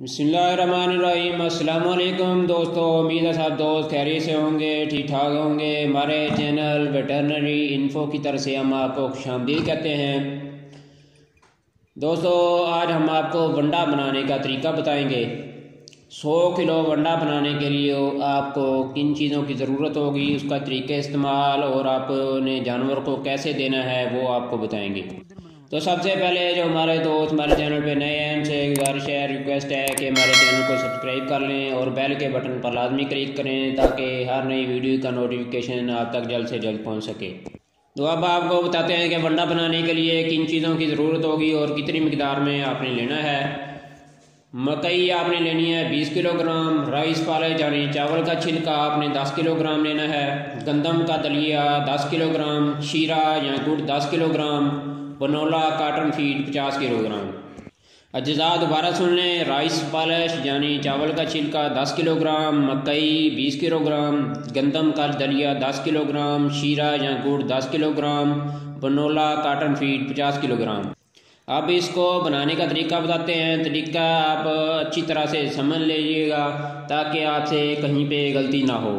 बसमीम अल्लाम दोस्तों उम्मीद है सब दोस्त खैरी से होंगे ठीक ठाक होंगे हमारे चैनल वेटरनरी इन्फो की तरफ से हम आपको खुशामदी कहते हैं दोस्तों आज हम आपको वंडा बनाने का तरीका बताएंगे 100 किलो वंडा बनाने के लिए आपको किन चीज़ों की ज़रूरत होगी उसका तरीके इस्तेमाल और आपने जानवर को कैसे देना है वो आपको बताएंगे तो सबसे पहले जो हमारे दोस्त हमारे चैनल पे नए हैं उनसे गुजारिश है रिक्वेस्ट है कि हमारे चैनल को सब्सक्राइब कर लें और बेल के बटन पर लाजमी क्लिक करें ताकि हर नई वीडियो का नोटिफिकेशन आप तक जल्द से जल्द पहुंच सके तो अब आपको बताते हैं कि वंडा बनाने के लिए किन चीज़ों की ज़रूरत होगी और कितनी मकदार में आपने लेना है मकई आपने लेनी है बीस किलोग्राम राइस पाले यानी चावल का छिलका आपने दस किलोग्राम लेना है गंदम का दलिया दस किलोग्राम शीरा या गुड़ दस किलोग्राम बनोला काटन फीड पचास किलोग्राम अज्जा दोबारा सुन लें राइस पॉलिश यानी चावल का छिलका दस किलोग्राम मकई बीस किलोग्राम गंदम का दलिया दस किलोग्राम शीरा या गुड़ दस किलोग्राम बनोला काटन फीड पचास किलोग्राम अब इसको बनाने का तरीका बताते हैं तरीका आप अच्छी तरह से समझ लीजिएगा ताकि आपसे कहीं पे गलती ना हो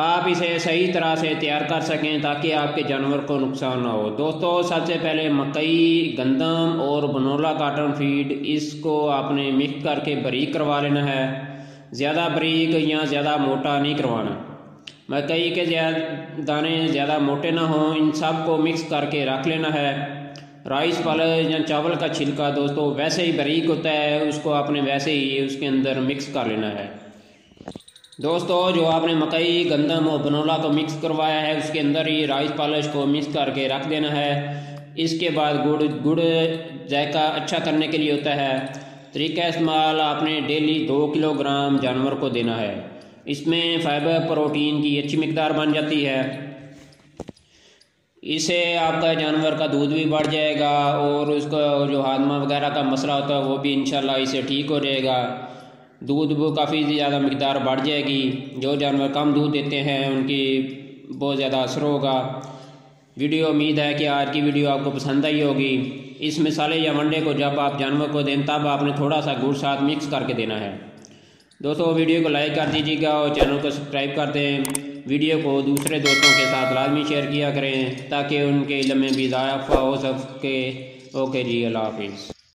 आप इसे सही तरह से तैयार कर सकें ताकि आपके जानवर को नुकसान ना हो दोस्तों सबसे पहले मकई गंदम और बनोला काटन फीड इसको आपने मिक्स करके बरीक करवा लेना है ज़्यादा बरीक या ज़्यादा मोटा नहीं करवाना मकई के दाने ज़्यादा मोटे ना हों इन सब को मिक्स करके रख लेना है राइस पल या चावल का छिलका दोस्तों वैसे ही बरीक होता है उसको आपने वैसे ही उसके अंदर मिक्स कर लेना है दोस्तों जो आपने मकई गंदम और बनोला को मिक्स करवाया है उसके अंदर ही राइस पॉलिश को मिक्स करके रख देना है इसके बाद गुड़ गुड़ जायका अच्छा करने के लिए होता है तरीका इस्तेमाल आपने डेली दो किलोग्राम जानवर को देना है इसमें फाइबर प्रोटीन की अच्छी मकदार बन जाती है इससे आपका जानवर का दूध भी बढ़ जाएगा और उसका जो हाथमा वगैरह का मसला होता है वो भी इंशाल्लाह इसे ठीक हो जाएगा दूध वो काफ़ी ज़्यादा मकदार बढ़ जाएगी जो जानवर कम दूध देते हैं उनकी बहुत ज़्यादा असर होगा वीडियो उम्मीद है कि आज की वीडियो आपको पसंद आई होगी इस मिसाले या मंडे को जब आप जानवर को दें तब आपने थोड़ा सा गुड़ साथ मिक्स करके देना है दोस्तों वीडियो को लाइक कर दीजिएगा और चैनल को सब्सक्राइब कर दें वीडियो को दूसरे दोस्तों के साथ लाजमी शेयर किया करें ताकि उनके इलम में भी इजाफा हो सके ओके जी अल्लाह हाफिज़